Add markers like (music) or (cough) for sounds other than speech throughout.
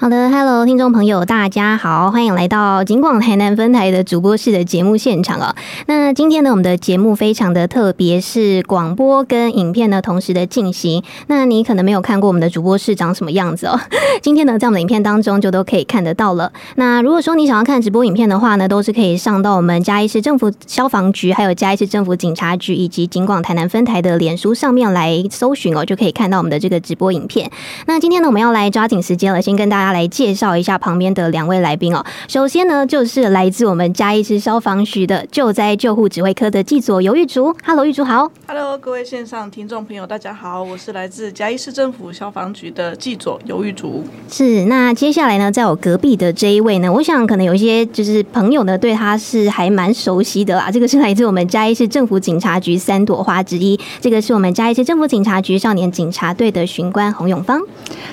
好的哈嘍，Hello, 聽眾朋友，大家好，歡迎來到警廣台南分台的主播室的節目現場哦。那今天呢，我們的節目非常的特別，是廣播跟影片呢同時的進行。那你可能沒有看過我們的主播室長什麼樣子哦。今天呢，在我們的影片當中就都可以看得到了。那如果說你想要看直播影片的話呢，都是可以上到我們嘉義市政府消防局、還有嘉義市政府警察局以及警廣台南分台的臉書上面來搜尋哦，就可以看到我們的這個直播影片。那今天呢，我們要來抓緊時間了，先跟大家。來介紹一下旁邊的兩位來賓哦。首先呢，就是來自我們嘉義市消防局的救災救護指揮科的技佐尤郁築。Hello，郁築好。Hello，各位線上聽眾朋友，大家好，我是來自嘉義市政府消防局的技佐尤郁築。是。那接下來呢，在我隔壁的這一位呢，我想可能有一些就是朋友呢，對他是還蠻熟悉的啦、啊。這個是來自我們嘉義市政府警察局三朵花之一，這個是我們嘉義市政府警察局少年警察隊的巡官洪永芳。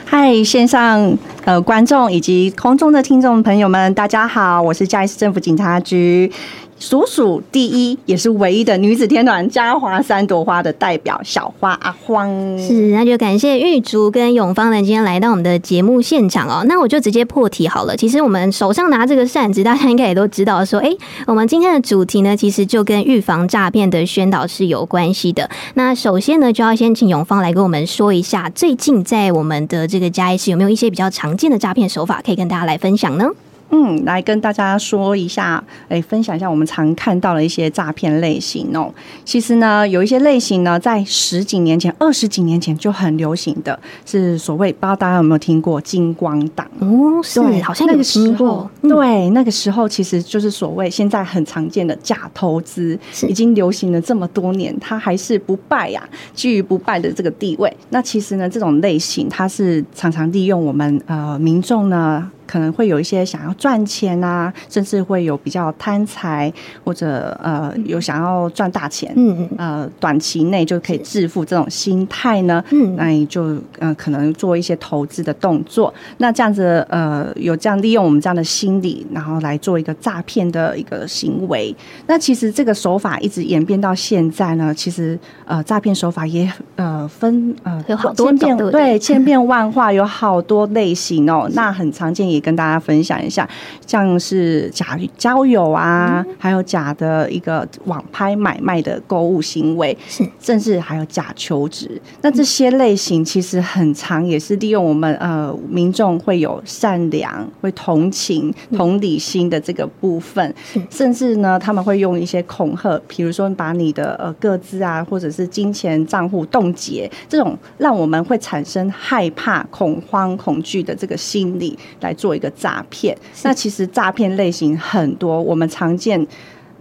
嗨，i 線上呃。觀眾以及空中的聽眾朋友們，大家好，我是嘉義市政府警察局，數數第一，也是唯一的女子天團嘉華三朵花的代表小花阿荒。是，那就感謝郁築跟永芳呢今天來到我們的節目現場哦，那我就直接破題好了。其實我們手上拿這個扇子，大家應該也都知道說，哎、欸，我們今天的主題呢，其實就跟預防詐騙的宣導是有關係的。那首先呢，就要先請永芳來跟我們說一下，最近在我們的這個嘉義市有沒有一些比較常見的詐騙手法可以跟大家來分享呢？嗯，來跟大家說一下，哎，分享一下我們常看到的一些詐騙類型哦。其實呢，有一些類型呢，在十幾年前、二十幾年前就很流行的，是所謂不知道大家有沒有聽過“金光黨”哦？是對，好像那個時候、嗯。對，那個時候其實就是所謂現在很常見的假投資，已經流行了這麼多年，它還是不敗呀、啊，居於不敗的這個地位。那其實呢，這種類型它是常常利用我們呃民眾呢。可能會有一些想要賺錢啊，甚至會有比較貪財或者呃有想要賺大錢，嗯嗯，呃短期內就可以致富這種心態呢，嗯，那你就呃可能做一些投資的動作，那這樣子呃有這樣利用我們這樣的心理，然後來做一個詐騙的一個行為。那其實這個手法一直演變到現在呢，其實呃詐騙手法也呃分呃有好千多變，對，千變萬化， (laughs) 有好多類型哦。那很常見也。也跟大家分享一下，像是假交友啊，嗯、還有假的一個網拍買賣的購物行為，是，甚至還有假求職。那這些類型其實很長很常，也是利用我們呃民眾會有善良會同情、同理心的這個部分，是、嗯，甚至呢他們會用一些恐嚇，比如說你把你的呃個資啊，或者是金錢賬戶凍結，這種讓我們會產生害怕、恐慌、恐懼的這個心理來做。做一個詐騙，那其實詐騙類型很多，我們常見，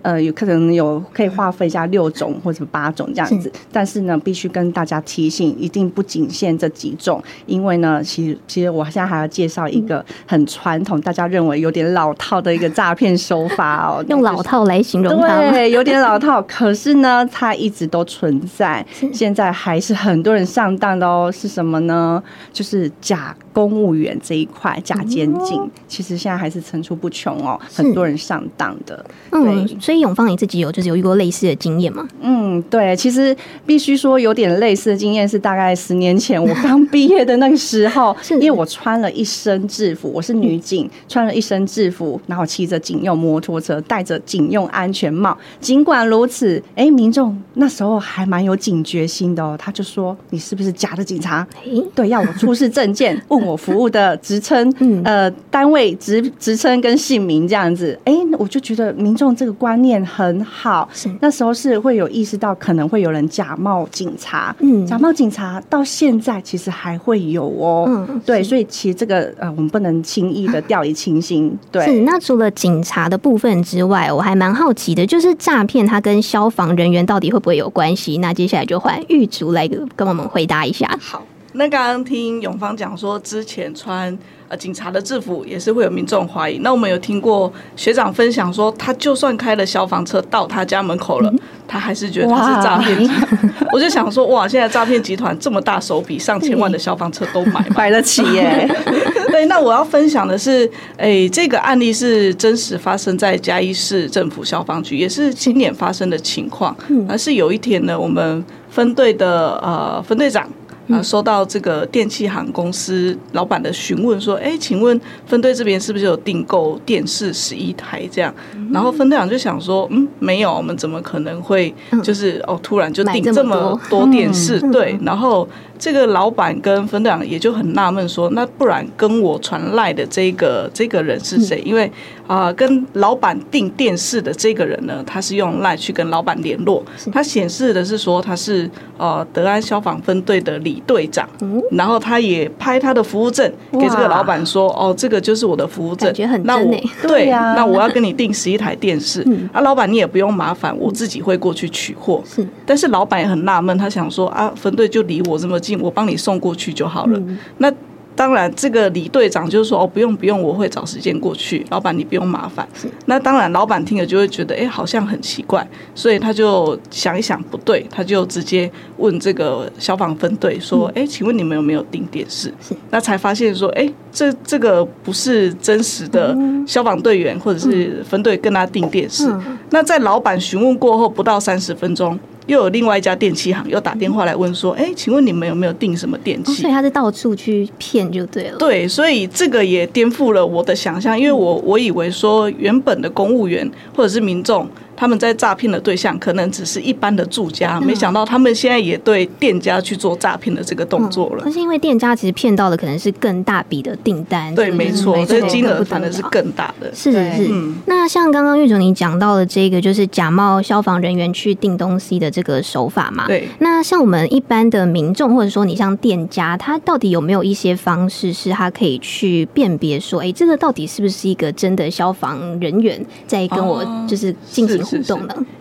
呃，有可能有可以劃分一下六種或者八種這樣子。是但是呢，必須跟大家提醒，一定不僅限這幾種，因為呢，其實其實我現在還要介紹一個很傳統，嗯，大家認為有點老套的一個詐騙手法哦， (laughs) 那就是，用老套來形容它，對，有點老套， (laughs) 可是呢，它一直都存在，現在還是很多人上當的哦。是什麼呢？就是假。公務員這一塊假檢警，其實現在還是層出不窮哦，很多人上當的。嗯，所以永芳你自己有就是有遇過類似的經驗嗎？嗯，對，其實必須說有點類似的經驗是大概十年前我剛畢業的那個時候，因為我穿了一身制服，我是女警，穿了一身制服，然後騎着警用摩托車，戴着警用安全帽。儘管如此，哎，民眾那時候還蠻有警覺心的哦、喔，他就說你是不是假的警察？哎，對，要我出示證件。 (laughs) 我服務的職稱，嗯，呃，單位職職稱跟姓名這樣子，哎，我就覺得民眾這個觀念很好。是，那時候是會有意識到可能會有人假冒警察，嗯，假冒警察到現在其實還會有哦，嗯，對，所以其實這個呃，我們不能輕易的掉以輕心對。對、 (laughs) 嗯，是。那除了警察的部分之外，我還蠻好奇的，就是詐騙他跟消防人員到底會不會有關係？那接下來就換郁築來跟我們回答一下。好。那剛剛聽永芳講說，之前穿呃警察的制服也是會有民眾懷疑。那我們有聽過學長分享說，他就算開了消防車到他家門口了，嗯、他還是覺得他是詐騙。 (laughs) 我就想說，哇，現在詐騙集團這麼大手筆，上千萬的消防車都買買得起耶。嗯、 (laughs) (laughs) 對，那我要分享的是，哎、欸，這個案例是真實發生在嘉義市政府消防局，也是今年發生的情況。而、嗯、是有一天呢，我們分隊的呃分隊長。啊，收到這個電器行公司老板的詢問，說：“哎、欸，請問分隊這邊是不是有訂購電視十一台？”這樣、嗯，然後分隊長就想說：“嗯，沒有，我們怎麼可能會就是哦，突然就訂這麼多電視？”嗯嗯嗯、對，然後。這個老闆跟分隊長也就很納悶說，說那不然跟我傳賴的這個這個人是誰？因為啊、呃，跟老闆訂電視的這個人呢，他是用賴去跟老闆聯絡，他顯示的是說他是呃德安消防分隊的李隊長、嗯，然後他也拍他的服務證給這個老闆說，哦，這個就是我的服務證，欸、那我 (laughs) 對啊，那我要跟你訂十一台電視、嗯，啊，老闆你也不用麻煩，我自己會過去取貨，是，但是老闆也很納悶，他想說啊，分隊就離我這麼。我幫你送過去就好了。嗯、那當然，這個李隊長就是說，哦，不用不用，我會找時間過去。老板，你不用麻煩。那當然，老板聽了就會覺得，誒、欸，好像很奇怪，所以他就想一想，不對，他就直接問這個消防分隊說，誒、嗯欸，請問你們有沒有訂電視？那才發現說，誒、欸，這這個不是真實的消防隊員或者是分隊跟他訂電視、嗯嗯。那在老板詢問過後，不到三十分鐘。又有另外一家電器行又打電話來問說：“哎，欸，請問你們有沒有訂什麼電器？”哦，所以他就到處去騙就對了。對，所以這個也顛覆了我的想象，因為我我以為說原本的公務員或者是民眾。他們在詐騙的對象可能只是一般的住家，沒想到他們現在也對店家去做詐騙的這個動作了。可、嗯、是因為店家其實騙到的可能是更大筆的訂單，對，沒錯，所以金額反而是更大的。嗯、是，是是。嗯、那像剛剛郁築你講到的這個，就是假冒消防人員去訂東西的這個手法嘛？對。那像我們一般的民眾，或者說你像店家，他到底有沒有一些方式是他可以去辨別說，哎、欸，這個到底是不是一個真的消防人員在跟我就是進行、哦？是，是。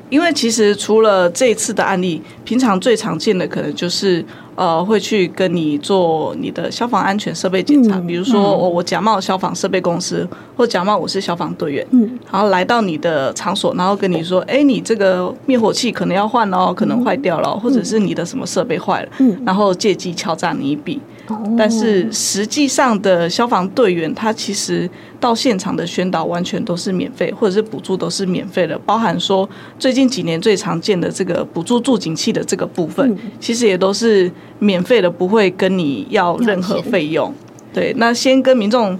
因為其實除了這一次的案例，平常最常見的可能就是，呃，會去跟你做你的消防安全設備檢查，嗯，比如說我我假冒消防設備公司，或假冒我是消防隊員，嗯，然後來到你的場所，然後跟你說，哎，欸，你這個滅火器可能要換了，可能壞掉了，嗯，或者是你的什麼設備壞了，嗯，然後借機敲詐你一筆。但是實際上的消防隊員，他其實到現場的宣導完全都是免費，或者是補助都是免費的，包含說最近幾年最常見的這個補助住警器的這個部分，嗯、其實也都是免費的，不會跟你要任何費用。對，那先跟民眾。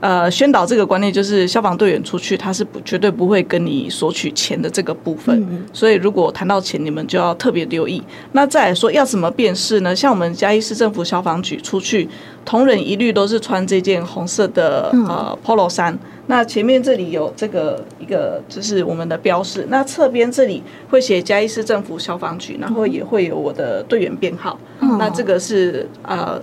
呃，宣導這個觀念就是消防隊員出去，他是不絕對不會跟你索取錢的這個部分。嗯、所以，如果談到錢，你們就要特別留意。那再來說，要怎麼辨識呢？像我們嘉義市政府消防局出去，同仁一律都是穿這件紅色的、嗯、呃 polo 衫。那前面這裡有這個一個就是我們的標識。那側邊這裡會寫嘉義市政府消防局，然後也會有我的隊員編號、嗯。那這個是呃。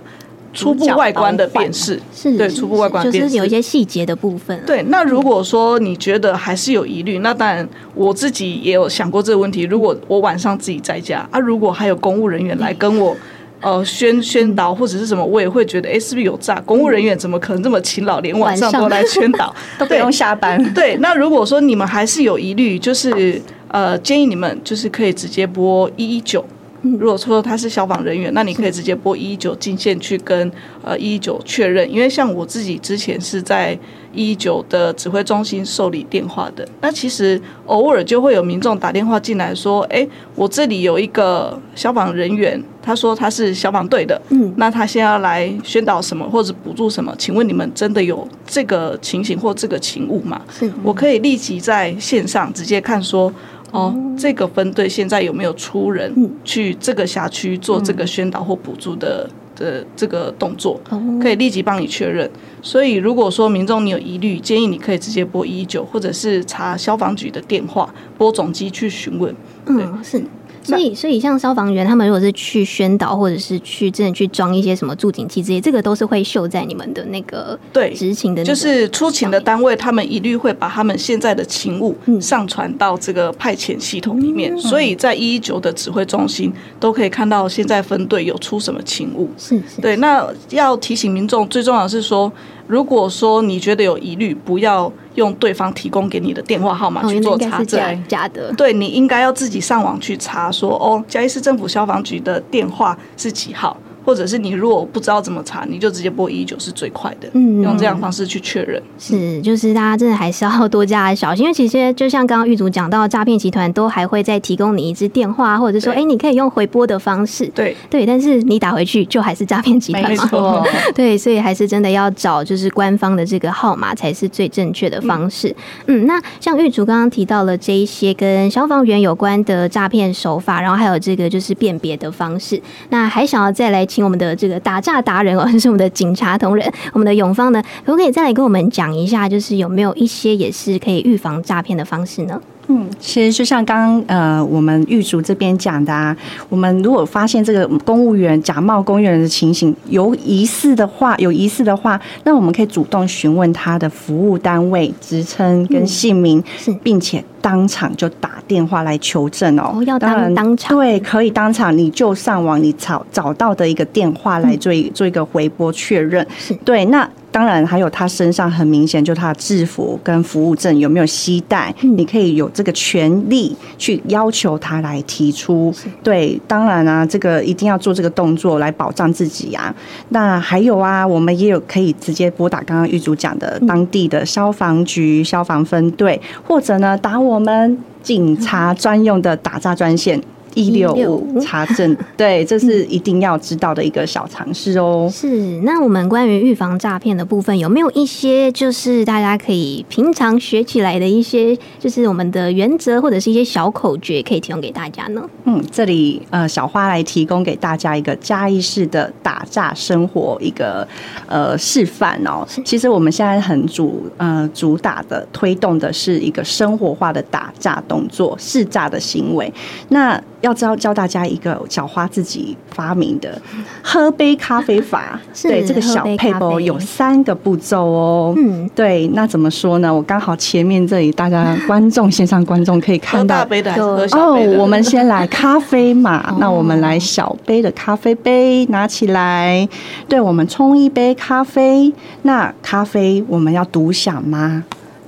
初步外觀的辨識是對，是初步外觀的辨識，就是有一些細節的部分、啊。對，那如果說你覺得還是有疑慮、嗯，那當然我自己也有想過這個問題。如果我晚上自己在家，啊，如果還有公務人員來跟我、嗯、呃宣宣導或者是什麼，我也會覺得是不是有詐。公務人員怎麼可能這麼勤勞，連晚上都來宣導，都不用下班？對，那如果說你們還是有疑慮，就是呃，建議你們就是可以直接撥一一九。如果說他是消防人員，那你可以直接撥一一九進線去跟呃一一九確認，因為像我自己之前是在一一九的指揮中心受理電話的。那其實偶爾就會有民眾打電話進來，說：“哎、欸，我這裡有一個消防人員，他說他是消防隊的，嗯，那他先要來宣導什麼或者補助什麼？請問你們真的有這個情形或這個勤務嗎是、嗯？我可以立即在線上直接看說。”哦，這個分隊現在有沒有出人去這個轄區做這個宣導或補助的、嗯、的這個動作？可以立即幫你確認。所以，如果說民眾你有疑慮，建議你可以直接撥一一九，或者是查消防局的電話，撥總機去詢問。對，嗯，是。所以，所以像消防員他們如果是去宣導，或者是去真的去裝一些什麼住警器這些，這個都是會秀在你們的那個對執勤的，就是出勤的單位，他們一律會把他們現在的勤務上傳到這個派遣系統裡面，嗯、所以在一一九的指揮中心都可以看到現在分隊有出什麼勤務。是，是是。對，那要提醒民眾，最重要的是說，如果說你覺得有疑慮，不要。用對方提供給你的電話號碼去做查證，哦，對，對你應該要自己上網去查說，說哦，嘉義市政府消防局的電話是幾號。或者是你如果不知道怎麼查，你就直接撥119是最快的，嗯，用這樣方式去確認。是，就是大家真的還是要多加小心，嗯、因為其實就像剛剛郁築講到，詐騙集團都還會再提供你一支電話，或者說，哎、欸，你可以用回撥的方式，對對，但是你打回去就還是詐騙集團沒錯，沒 (laughs) 對，所以還是真的要找就是官方的這個號碼才是最正確的方式。嗯，嗯那像郁築剛剛提到了這一些跟消防員有關的詐騙手法，然後還有這個就是辨別的方式，那還想要再來。請我們的這個打詐達人哦，就是我們的警察同仁，我們的永芳呢，可不可以再來跟我們講一下，就是有沒有一些也是可以預防詐騙的方式呢？嗯，其實就像剛剛呃，我們鬱築這邊講的啊，我們如果發現這個公務員假冒公務員的情形有疑似的話，話有疑似的話，話那我們可以主動詢問他的服務單位、職稱跟姓名，嗯、是並且。當場就打電話來求證哦、喔，當然當場對，可以當場你就上網你找找到的一個電話來做做一個回撥確認、嗯，是對。那當然還有他身上很明顯就他的制服跟服務證有沒有攜帶，你可以有這個權利去要求他來提出、嗯。對，當然啊，這個一定要做這個動作來保障自己啊。那還有啊，我們也有可以直接撥打剛剛郁築講的當地的消防局消防分隊，或者呢打我，我們警察專用的打詐專線，一六五查證，對，這是一定要知道的一個小常識哦。是，那我們關於預防詐騙的部分，有沒有一些就是大家可以平常學起來的一些，就是我們的原則或者是一些小口訣可以提供給大家呢？嗯，這裡呃，小花來提供給大家一個嘉義式的打詐生活一個呃示範哦、喔。其實我們現在很主呃主打的推動的是一個生活化的打詐動作識詐的行為，那。要教教大家一個小花自己發明的喝杯咖啡法。 (laughs) 對，這個小撇步有三個步驟哦。嗯，對，那怎麼說呢？我剛好前面這裡，大家觀眾 (laughs) 線上觀眾可以看到，哦，oh, 我們先來咖啡嘛。 (laughs) 那我們來小杯的咖啡杯，拿起來。對，我們沖一杯咖啡。那咖啡我們要獨享嗎？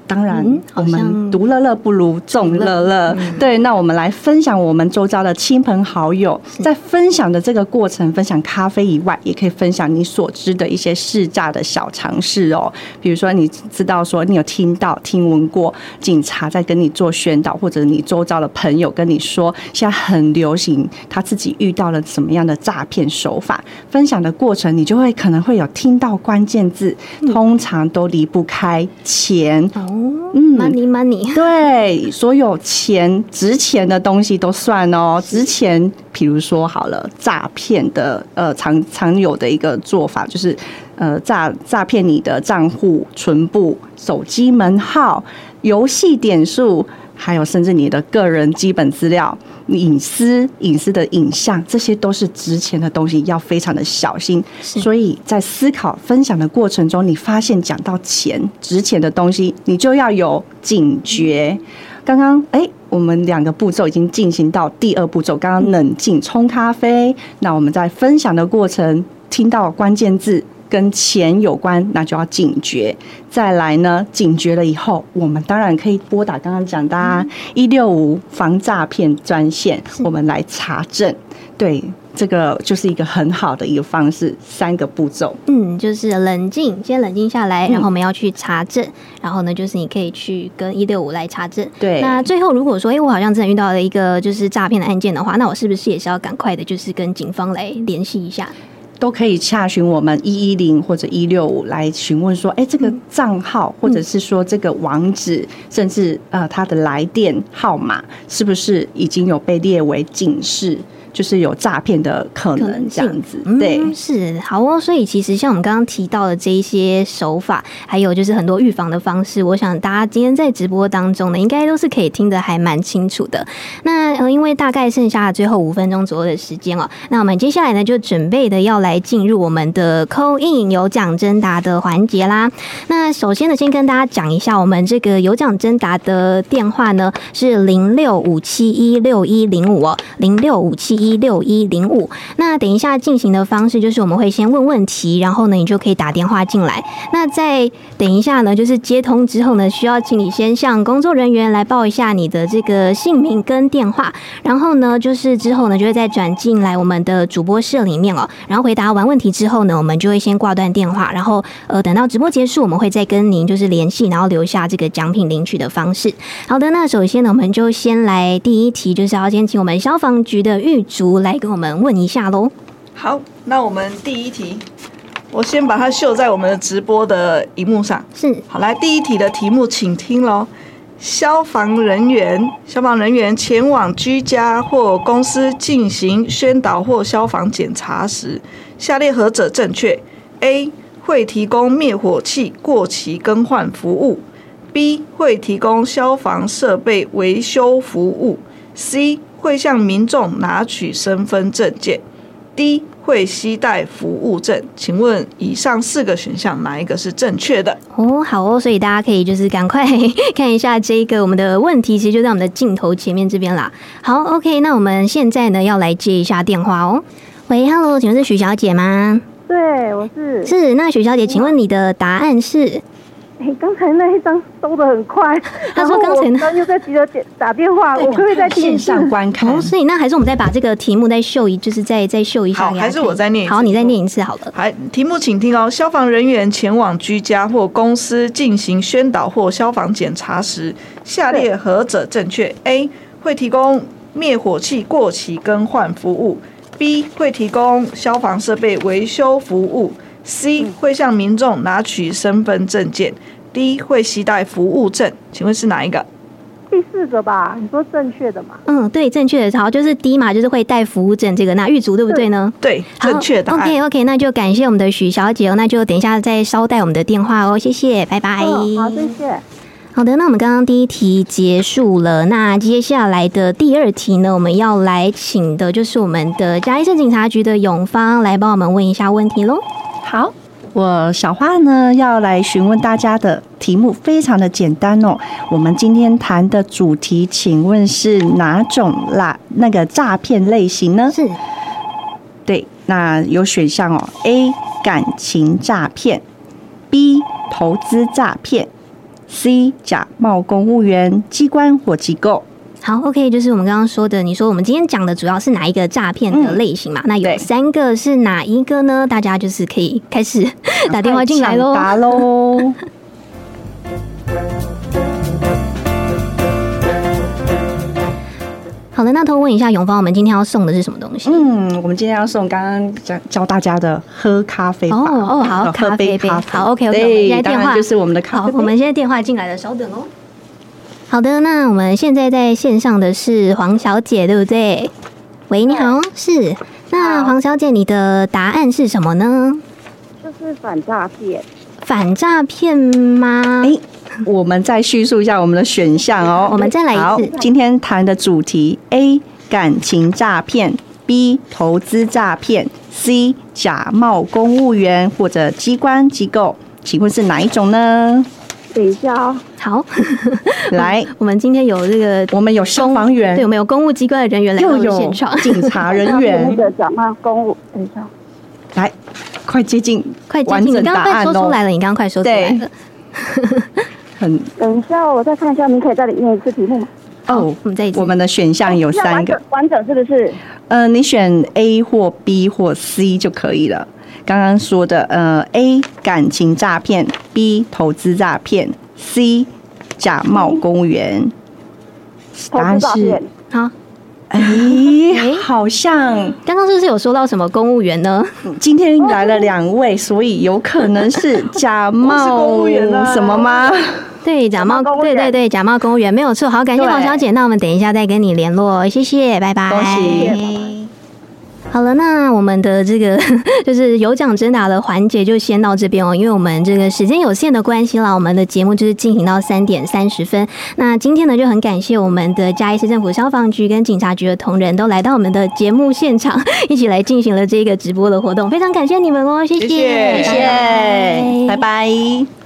當然，嗯、我們獨樂樂不如眾樂樂。對，那我們來分享我們周遭的親朋好友。在分享的這個過程，分享咖啡以外，也可以分享你所知的一些識詐的小常識哦。比如說，你知道說你有聽到、聽聞過警察在跟你做宣導，或者你周遭的朋友跟你說現在很流行，他自己遇到了什麼樣的詐騙手法。分享的過程，你就會可能會有聽到關鍵字、嗯，通常都離不開錢。嗯，money money，對，所有錢值錢的東西都算哦， (laughs) 值錢，比如說好了，詐騙的呃，常常有的一個做法就是，呃，詐詐騙你的賬戶、存簿、手機門號、遊戲點數。還有，甚至你的個人基本資料、隱私、隱私的影像，這些都是值錢的東西，要非常的小心。所以在思考、分享的過程中，你發現講到錢、值錢的東西，你就要有警覺。剛剛，誒，我們兩個步驟已經進行到第二步驟，剛剛冷靜沖咖啡。那我們在分享的過程，聽到關鍵字。跟錢有關，那就要警覺。再來呢，警覺了以後，我們當然可以撥打剛剛講的啊一六五防詐騙專線，我們來查證。對，這個就是一個很好的一個方式。三個步驟，嗯，就是冷靜，先冷靜下來，然後我們要去查證，嗯、然後呢，就是你可以去跟一六五來查證。對，那最後如果說，哎、欸，我好像真的遇到了一個就是詐騙的案件的話，那我是不是也是要趕快的，就是跟警方來聯繫一下？都可以洽詢我們一一零或者一六五來詢問說，誒，這個賬號或者是說這個網址，甚至呃它的來電號碼，是不是已經有被列為警示？就是有詐騙的可能，可能性，這樣子，對，是好哦。所以其實像我們剛剛提到的這一些手法，還有就是很多預防的方式，我想大家今天在直播當中呢，應該都是可以聽得還蠻清楚的。那呃，因為大概剩下最後五分鐘左右的時間哦，喔，那我們接下來呢就準備的要來進入我們的 call in 有獎徵答的環節啦。那首先呢，先跟大家講一下，我們這個有獎徵答的電話呢是零六五七一六一零五哦，零六五七一，一六一零五，那等一下進行的方式就是我們會先問問題，然後呢你就可以打電話進來。那再等一下呢，就是接通之後呢，需要請你先向工作人員來報一下你的這個姓名跟電話，然後呢就是之後呢就會再轉進來我們的主播室裡面哦。然後回答完問題之後呢，我們就會先掛斷電話，然後呃等到直播結束，我們會再跟您就是聯繫，然後留下這個獎品領取的方式。好的，那首先呢我們就先來第一題，就是要先請我們消防局的如來給我們問一下嘍。好，那我們第一題，我先把它秀在我們的直播的熒幕上。是，好，來第一題的題目，請聽嘍。消防人員，消防人員前往居家或公司進行宣導或消防檢查時，下列何者正確？A 會提供滅火器過期更換服務；B 會提供消防設備維修服務；C。會向民眾拿取身份證件，D，會攜帶服務證。請問以上四個選項哪一個是正確的？哦，好哦，所以大家可以就是趕快看一下這個我們的問題，其實就在我們的鏡頭前面這邊啦。好，OK，那我們現在呢要來接一下電話哦。喂，Hello，請問是許小姐嗎？對，我是。是，那許小姐，請問你的答案是？誒剛才那一張收的很快，他說剛才那張又在急着打電話，我們會在線上觀看、哦。所以那還是我們再把這個題目再秀一，就是再再,再秀一下好。好，還是我再念一。好，你再念一次好了。還題目，請聽哦。消防人員前往居家或公司進行宣導或消防檢查時，下列何者正確？A 會提供滅火器過期更換服務，B 會提供消防設備維修服務。C 會向民眾拿取身份證件、嗯、，D 會攜帶服務證，請問是哪一個？第四個吧，你說正確的嘛？嗯，對，正確的，好，就是 D 嘛，就是會帶服務證這個，那郁築對不對呢？對，正確的。OK OK，那就感謝我們的許小姐哦，那就等一下再稍待我們的電話哦，謝謝，拜拜。哦、好，謝謝。好的，那我們剛剛第一題結束了，那接下來的第二題呢，我們要來請的就是我們的嘉義市警察局的永芳來幫我們問一下問題嘍。好，我小花呢要來詢問大家的題目，非常的簡單哦。我們今天談的主題，請問是哪種啦，那個詐騙類型呢？是，對，那有選項哦：A. 感情詐騙；B. 投資詐騙；C. 假冒公務員機關或機構。好，OK，就是我們剛剛說的，你說我們今天講的主要是哪一個詐騙的類型嘛、嗯？那有三個是哪一個呢？大家就是可以開始打電話進來嘍。囉 (laughs) 好的，的那我問一下永芳，我們今天要送的是什麼東西？嗯，我們今天要送剛剛教教大家的喝咖啡。哦哦，好哦，咖啡杯。杯啡好，OK，k OK, OK, 現在電話。就是我們的咖啡。好，我們現在電話進來了，稍等哦。好的，那我們現在在線上的是黃小姐，對不對？欸、喂，你好，是。那黃小姐，你的答案是什麼呢？就是反詐騙。反詐騙嗎、欸？我們再敘述一下我們的選項哦、喔。我們再來一次。好，今天談的主題：A. 感情詐騙；B. 投資詐騙；C. 假冒公務員或者機關機構。請問是哪一種呢？等一下哦、喔。好， (laughs) 來，我們今天有這個，我們有消防員，對，我們有公務機關的人員來進入現場，又有警察人員。那個小曼，公務，等一下。來，快接近，快接近，剛剛快說出來了，你剛剛快說出來了。對， (laughs) 很。等一下，我再看一下，你可以再引用一次題目嗎？哦、oh,，我們再一次我們的選項有三個完，完整是不是？呃，你選 A 或 B 或 C 就可以了。剛剛說的，呃，A 感情詐騙，B 投資詐騙。C，假冒公務員，答案是好，咦、啊，欸欸，好像剛剛是不是有說到什麼公務員呢？今天來了兩位，所以有可能是假冒公務員什麼嗎？對、啊，假冒，假冒公務員對對對，假冒公務員，公務員沒有錯，好，感謝王小姐，那我們等一下再跟你聯絡，謝謝，拜拜，恭喜。好了，那我們的這個就是有獎徵答的環節就先到這邊哦，因為我們這個時間有限的關係啦，我們的節目就是進行到三點三十分。那今天呢，就很感謝我們的嘉義市政府消防局跟警察局的同仁都來到我們的節目現場，一起來進行了這個直播的活動，非常感謝你們哦，謝謝，謝謝，拜拜。拜拜拜拜拜拜。